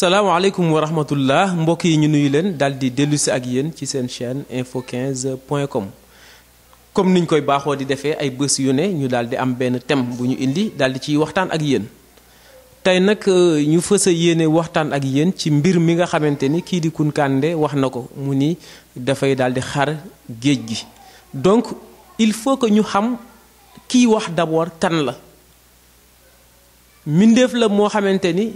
salaamaaleykum wa rahmatullah mbokk yi ñu nuyu leen daal di dellusi ak yéen ci seen chaîne info 15 point com comme niñ koy baaxoo di defee ay bés yu ne ñu daal di am benn thème bu ñu indi daal di ciy waxtaan ak yéen tey nag euh, ñu fës yéene waxtaan ak yéen ci mbir mi nga xamante ni kii di Kounkandé wax na ko mu nii dafay daal di xar géej gi donc il faut que ñu xam kiy wax d'abord kan la mbindeef la moo xamante ni.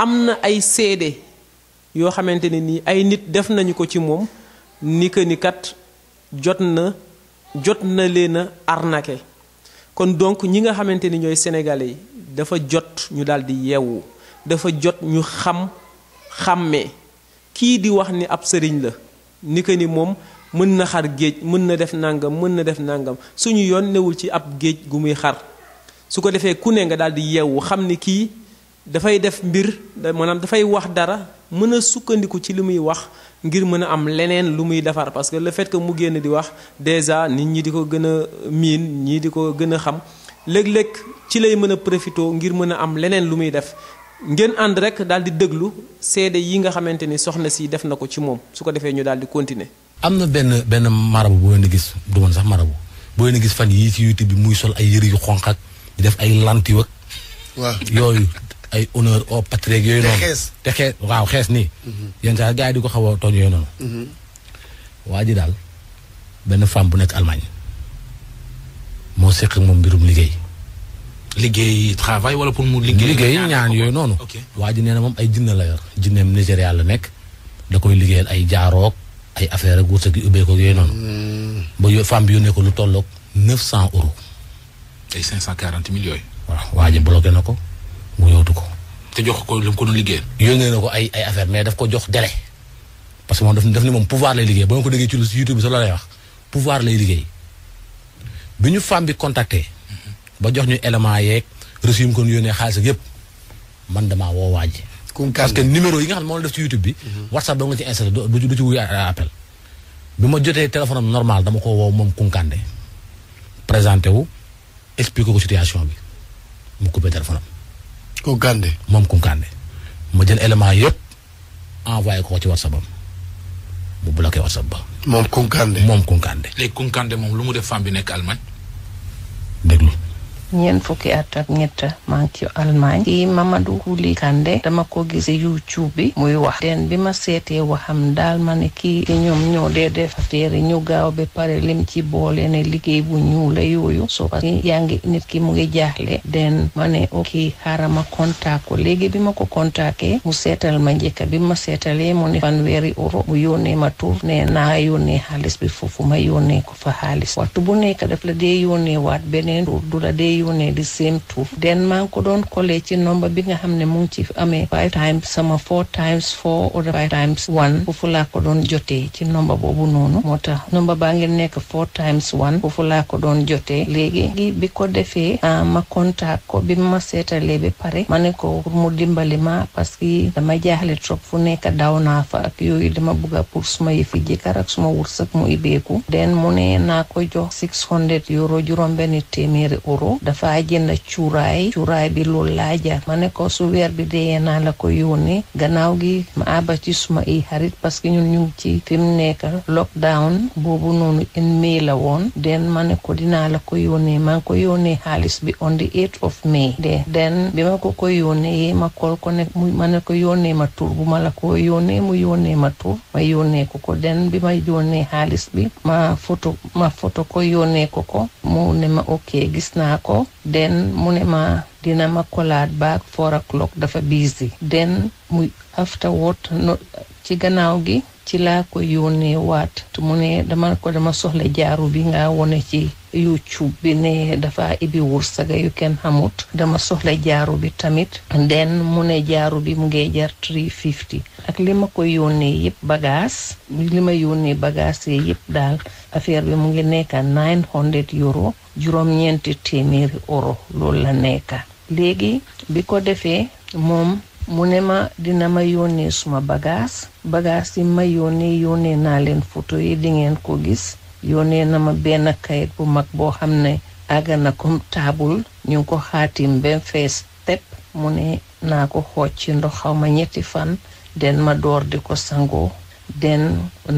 am na ay seede yoo xamante ne nii ay nit def nañu ko ci moom ni que ni kat jot na jot na leen a arnaqué kon donc ñi nga xamante ni ñooy senegale yi dafa jot ñu daal yeewu dafa jot ñu xam xàmmee kii di wax ni ab sëriñ la ni que ni moom mën na xar géej mën na def nàngam mën na def nàngam suñu yoon newul ci ab géej gu muy xar su ko defee ku ne nga daal di yeewu xam ni kii. dafay def mbir maanaam dafay wax dara mën a sukkandiku ci li muy wax ngir mën a am leneen lu muy defar parce que le fait que mu génn di wax déjà nit ñi di ko gën a miin ñii di ko gën a xam léeg-léeg ci lay mën a profité ngir mën a am leneen lu muy def ngeen ànd rek daal di déglu seede yi nga xamante ni soxna si def na ko ci moom su ko defee ñu daal di continuer. am na benn benn marabu boo leen di gis du sax marabu boo leen gis fan yi ci YouTube bi muy sol ay yëre yu xonq ak def ay lantiw ay honneur au patrie noonu. te xees waaw xees nii. Mhm. yenn saa gars yi di ko xaw tooñ yooyu noonu. Mhm. waa ji daal benn femme bu nekk Allemagne moo seq moom mbirum liggéey. liggéey travail wala pour mu. liggéey ñaan yooyu noonu. waaj ji moom ay jinne la yor jinneem Nigéria la nekk da koy liggéeyal ay jaaroog ay affaire ak wërsëg yu ubbeekoo yooyu noonu. Mm. ba yo femme bi yónnee ko lu tolloog neuf cent euros. ay cinq cent quarante millions. na ko. mu yóotu ko. te jox ko lu ko doon liggéeyal. yónnee na ko ay ay affaire mais daf ko jox délai parce que moom def daf ni moom pouvoir lay liggéey ba nga ko déggee ci YouTube bi sax la lay liggéey bi ñu femme bi ba jox ñu élément yeeg reçu mu ko yónnee xaalis yëpp man damaa woo waaj. parce que numéro yi nga xam moom la def ci YouTube bi. Mhm. WhatsApp doo nga ci installé du ci wuy appel. bi ma jotee téléphone am normal dama ko woo moom Kunkande présenté wu expliqué ko situation bi mu coupé téléphone Kunkande moom Kunkande ma jël élément yëpp envoyé ko ci WhatsApp am mu bloqué WhatsApp ba. moom Kunkande moom Kunkande. léegi Kunkande moom lu mu def femme bi nekk Allemagne. déglu. ñeent fukki at ak ñett maa ngi ci Allemagne kii Mamadou Kuli Kande dama ko gisee YouTube bi muy wax den bi ma seetee waxam daal ma ne kii ci ñoom ñoo dee def affaire ñu gaaw ba pare lim ci boole ne liggéey bu ñuul la yooyu soo parce que nit ki mu ngi jaaxle den ma ne ok xaaral ma contact ko léegi bi ma ko contacté mu seetal ma njëkk bi ma seetalee mu ne fanweeri euro mu yónnee ne naa yónnee xaalis bi foofu ma yone ko fa xaalis waxtu daf la dee yónnee waat beneen tur du yiw ne di same two den maa ko doon kole ci nomba bi nga xam ne mu ngi ci amee five times sama four times four or five times one foofu laa ko doon jotee ci nomba boobu noonu moo tax nomba baa ngi nekk four times one foofu laa ko doon jotee léegi bi ko defee ah, ma contact ko bi ma seetalee be pare ma ne ko pour mu dimbali ma parce que dama jaaxle trop fu nekk daw naa fa ak yooyu dama bëgg a pour suma yëfi jëkkër ak suma wërsëg mu ibeeku den mu ne naa ko jox six benn téeméeri euro dafa jënd cuuraay cuuraay bi loolu laa ma ne ko su weer bi dee naa la ko yónnee gannaaw gi ma àbba ci suma i xarit parce que ñun ñu ci fi mu nekk lockdown boobu noonu in mai la woon den ma ne ko dinaa la ko yónnee maa ko yónnee xaalis bi on the ma ko ko yónnee ma kool ko ne mu ma ne ko yónnee ma tur bu ma la ko yónnee mu yónnee ma tur ma ko ko den bi ma yónnee xaalis bi ma foto ko yónnee ko ko mu ne ma ok gis naa ko ko den mu ne ma dina ma kolaat baak four o'clock dafa busy den mu afterward no ci gannaaw gi ci laa ko yónnee waat mu ne dama ko dama soxla jaaru bi nga wone ci YouTube bi ne dafa ibi wursaga yu kenn xamut dama soxla jaaru bi tamit den mu ne jaaru bi mu ngee jar 350 ak li ma ko yónnee yëpp bagage li ma yónnee bagage yi yëpp daal affaire bi mu ngi nekka 900 euro juróom-ñeenti téeméeri euro loolu la nekka léegi bi ko defee moom mu ne ma dina ma yónnee suma bagage bagage yi ma yónnee yónnee naa leen photo yi di ngeen ko gis yónnee na ma benn kayit bu mag boo xam ne àgga na comme taabul ñu ko xaatim benn fees tepp mu ne naa ko xooj ci ndox xaw ma ñetti fan den ma door di ko sangoo den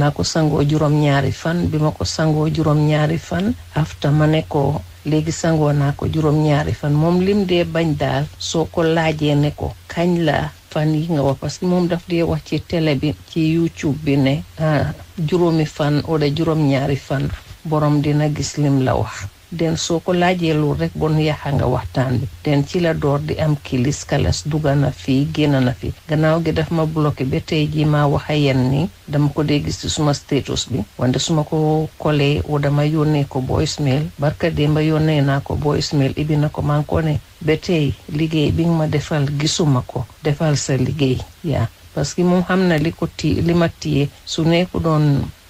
naa ko sangoo juróom-ñaari fan bi ma ko sangoo juróom-ñaari fan afta ma ne ko léegi sangoo naa ko juróom-ñaari fan moom lim dee bañ daal soo ko laajee ne ko kañ la fan yi nga wax parce que moom daf dee wax ci télé bi ci YouTube bi ne ah, juróomi fan wala juróom ñaari fan borom dina gis lim la wax den soo ko laajee loolu rek bon yaxa nga waxtaan bi den ci la door di am kilis kalas dugga na fii génn na fi gannaaw gi dafa ma bloqué ba tey jii maa wax a yen ni dama ko dégg gis ci suma status bi wante su ma ko kolee o dama yónnee ko voicemail barka démba yónnee naa ko voicemail ibi na ko maa ngi ba tey liggéey bi nga ma defal gisuma ko defal sa liggéey yaa parce que moom xam na li ko ti li ma tiye su nekku doon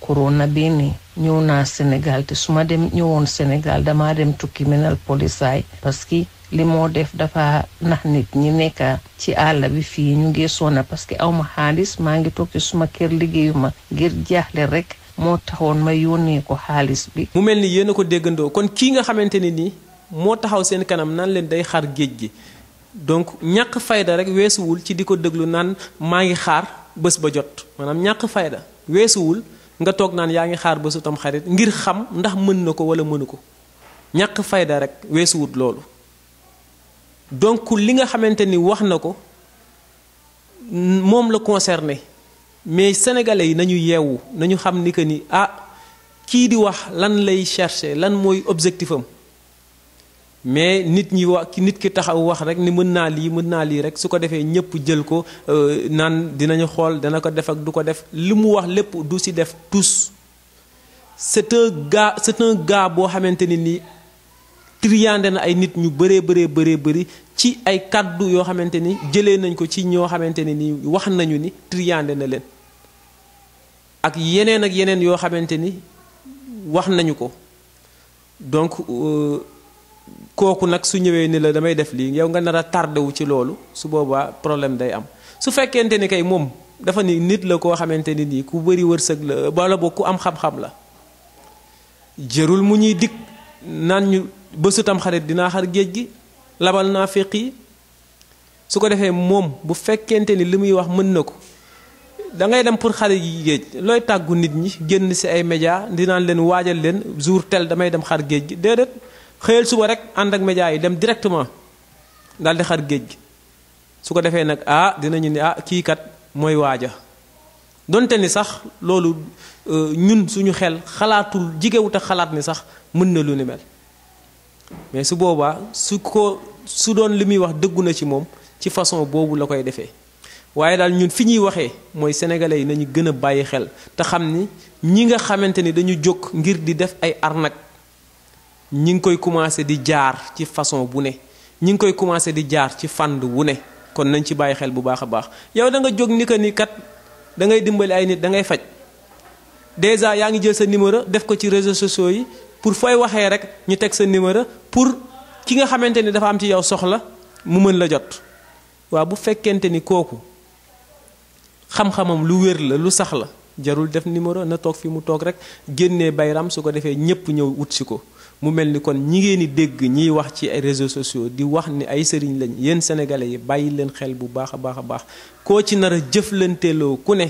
corona bii nii ñëw naa Sénégal te su ma dem ñëwoon Sénégal dama dem tukki menal polisaay parce que li moo def dafa nax nit ñi nekka ci àll bi fii ñu ngi na parce que aw ma xaalis maa ngi toog suma kër liggéeyu ma ngir jaaxle rek moo taxoon ma yónnee ko xaalis bi. mu mel ni yéen a ko déggandoo kon kii nga xamante ne nii moo taxaw seen kanam nan leen day xaar géej gi donc ñàkk fayda rek weesuwul ci di ko déglu naan maa ngi xaar bés ba jot maanaam ñàkk fayda weesuwul. nga toog naan yaa ngi xaar ba su tam xarit ngir xam ndax mën na ko wala mënu ko ñàkk fayda rekk weesuwut loolu donc li nga xamante ni wax na ko moom la concerné mais sénégalais yi nañu yeewu nañu xam ni que ni ah kii di wax lan lay chercher lan mooy objectif am mais nit ñi wax nit ki taxaw wax rek ni mën naa lii mën naa lii rek su ko defee ñëpp jël ko euh, naan dinañu xool dana ko def ak du ko def li mu wax lépp du si def tous c'est un gars c'est gars boo xamante ni nii triyande na ay nit ñu bëree bëree bëree bëri ci ay kàddu yoo xamante ni jëlee nañ ko ci ñoo xamante ni nii wax nañu ni triyande na leen ak yeneen ak yeneen yoo xamante ni wax nañu ko donc euh, kooku nag su ñëwee ni la damay def lii yow nga nar a tardé ci loolu su boobaa problème day am su fekkente ni kay moom dafa nii nit la koo xamante ni nii ku bari wërsëg la wala boog ku am xam-xam la jërul mu ñuy dikk naan ñu bësutam xarit dinaa xar géej gi labal naa féqi su ko defee moom bu fekkente ni li muy wax mën na ko da ngay dem pour xar géej looy tàggu nit ñi génn si ay média dinaan leen waajal leen jour tel damay dem xar géej gi déedéet xëyal suba rek ànd ak média yi dem directement daal di xar géej gi su ko defee nag ah dinañu ne ah kii kat mooy waaja donte ni sax loolu euh, ñun suñu xel xalaatul jigewut a xalaat ni sax mën na lu ni mel mais su boobaa su ko su doon li muy wax dëggu na ci moom ci façon boobu la koy defee waaye daal ñun fi ñuy waxee mooy sénégalais yi nañu gën a bàyyi xel te xam ni ñi nga xamante ni dañu jóg ngir di def ay ar nag ñi ngi koy commencé di jaar ci façon bu ne ñi ngi koy commencé di jaar ci fànd wu ne kon nañ ci bàyyi xel bu baax a baax yow da nga jóg ni que ni kat da ngay dimbali ay nit da ngay faj dèjà yaa ngi jël sa numéro def ko ci réseaux sociaux yi pour fooy waxee rek ñu teg sa numéro pour ki nga xamante ni dafa am ci yow soxla mu mën la jot waaw bu fekkente ni kooku xam-xamam lu wér la lu sax la jarul def numéro na toog fi mu toog rek génne bayram su ko defee ñépp ñëw wut si ko mu mel ni kon ñi ngeen di dégg ñiy wax ci ay réseaux sociaux di wax ni ay sëriñ lañ yéen sénégalais yi bàyyi leen xel bu baax a baax a baax koo ci nar a jëflanteeloo ku ne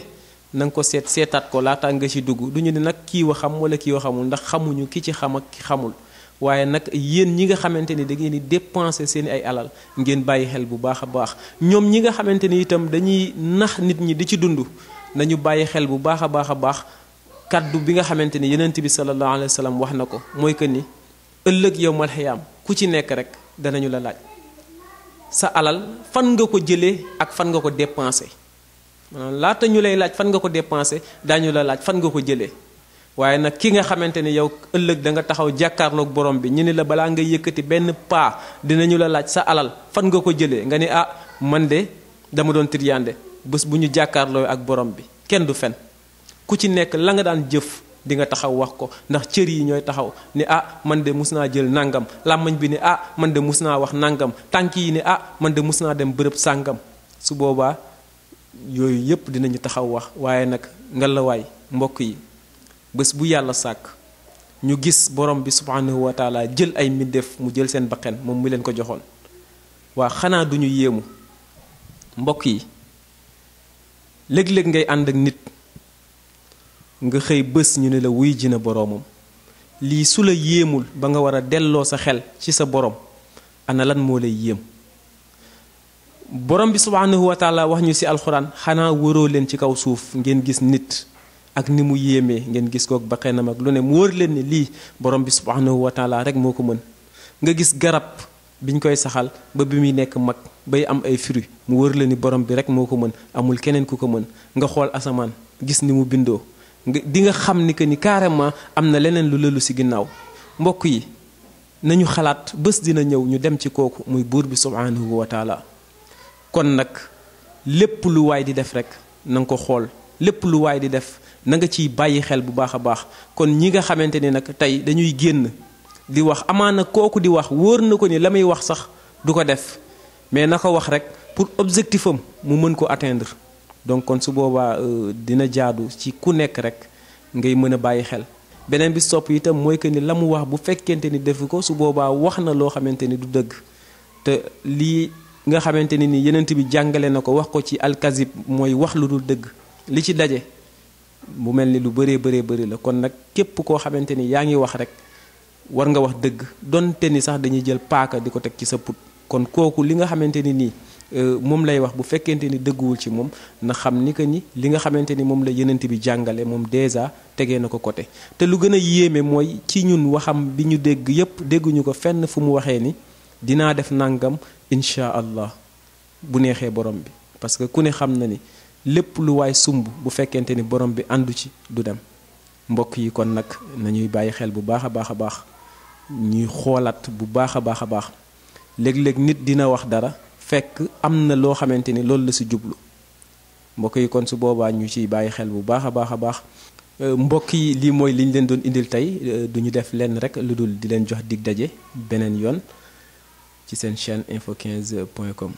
na ko seet seetaat ko laata nga ci dugg du ñu ne nag kii wa xam wala kii wa xamul ndax xamuñu ki ci xam ak ki xamul waaye nag yéen ñi nga xamante ni da ngeen di dépenser seen ay alal ngeen bàyyi xel bu baax a baax ñoom ñi nga xamante ni itam dañuy nax nit ñi di ci dund nañu bàyyi xel bu baax a baax a baax kaddu bi nga xamante ni yenent bi sallallahu alayhi wa wax na ko mooy que ni ëllëg yow mal xiyaam ku ci nekk rek danañu la laaj sa alal fan nga ko jëlee ak fan nga ko dépensé maanaam laata ñu lay laaj fan nga ko dépensé daañu la laaj fan nga ko jëlee waaye nag ki nga xamante ni yow ëllëg da nga taxaw jàkkaarloog borom bi ñu ni la balaa nga yëkkati benn paa ñu la laaj sa alal fan nga ko jëlee nga ni ah man de dama doon tiryande bés bu ñu jàkkaarloo ak borom bi kenn du fen ku ci nekk la nga daan jëf di nga taxaw wax ko ndax cër yi ñooy taxaw ni ah man de mus naa jël nangam làmmañ bi ni ah man de mus naa wax nangam tànk yi ni ah man de mus naa dem bërëb sàngam su boobaa yooyu yépp dinañu taxaw wax waaye nag ngalawaay mbokk yi bés bu yàlla sàkk ñu gis borom bi subhanahu wa taala jël ay mbindeef mu jël seen baqen moom mu leen ko joxoon waa xanaa duñu yéemu mbokk yi léeg-léeg ngay ànd ak nit nga xëy bés ñu ne la wuy ji na boroomam lii su la yéemul ba nga war a delloo sa xel ci sa borom ana lan moo lay yéem borom bi subhaanahu wa taala wax ñu si alxuraan xanaa wëroo leen ci kaw suuf ngeen gis nit ak ni mu yéemee ngeen gis kook na ak lu ne mu wër leen ni lii borom bi subhaanahu wa taala rek moo ko mën nga gis garab biñ koy saxal ba bi muy nekk mag bay am ay fruits mu wër la ni borom bi rek moo ko mën amul keneen ku ko mën nga xool asamaan gis ni mu bindoo di nga xam ni que ni carrément am na leneen lu lëlu ci ginnaaw mbokk yi nañu xalaat bés dina ñëw ñu dem ci kooku muy buur bi subhanahu wa kon nag lépp lu waay di def rek na nga ko xool lépp lu waay di def na nga ciy bàyyi xel bu baax a baax kon ñi nga xamante ni nag tey dañuy génn di wax amaana kooku di wax wóor na ko ni la muy wax sax du ko def mais na ko wax rek pour objectif am mu mën ko atteindre donc kon su boobaa euh, dina jaadu ci ku nekk rek ngay mën a bàyyi xel beneen bi sopp itam mooy que ni la mu wax bu fekkente ni defu ko su boobaa wax na loo xamante ni du dëgg te lii nga xamante ni nii yenent bi jàngale na ko wax ko ci alkazib mooy wax lu dul dëgg li ci daje mu mel ni lu bëree bëree bëri la kon nag képp koo xamante ni yaa ngi wax rek war nga wax dëgg donte ni sax dañuy jël paaka di ko teg ci sa put kon kooku li nga xamante ni nii Euh, moom lay wax bu fekkente ni dëgguwul ci moom na xam ni que ni li nga xamante ni moom la yenent bi jàngale moom déjà tegee na ko côté te lu gën a yéeme mooy ci ñun waxam bi ñu dégg yépp dégguñu ko fenn fu mu waxee ni dinaa def nàngam incha allah bu neexee borom bi parce que ku ne xam na ni lépp lu waay sumb bu fekkente ni borom bi àndu ci du dem mbokk yi kon nag nañuy bàyyi xel bu baax a baax a baax ñuy xoolaat bu baax a baax a baax léeg-léeg nit dina wax dara fekk am na loo xamante ni loolu la si jublu mbokk yi kon su boobaa ñu ciy bàyyi xel bu baax a baax a baax euh, mbokk yi lii mooy li ñu leen doon indil tey euh, du ñu def lenn rek lu dul di leen jox dig daje beneen yoon ci seen chaîne info 15 point com.